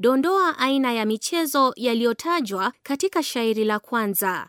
Dondoa aina ya michezo yaliyotajwa katika shairi la kwanza.